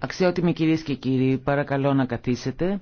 Αξιότιμοι κυρίες και κύριοι, παρακαλώ να καθίσετε.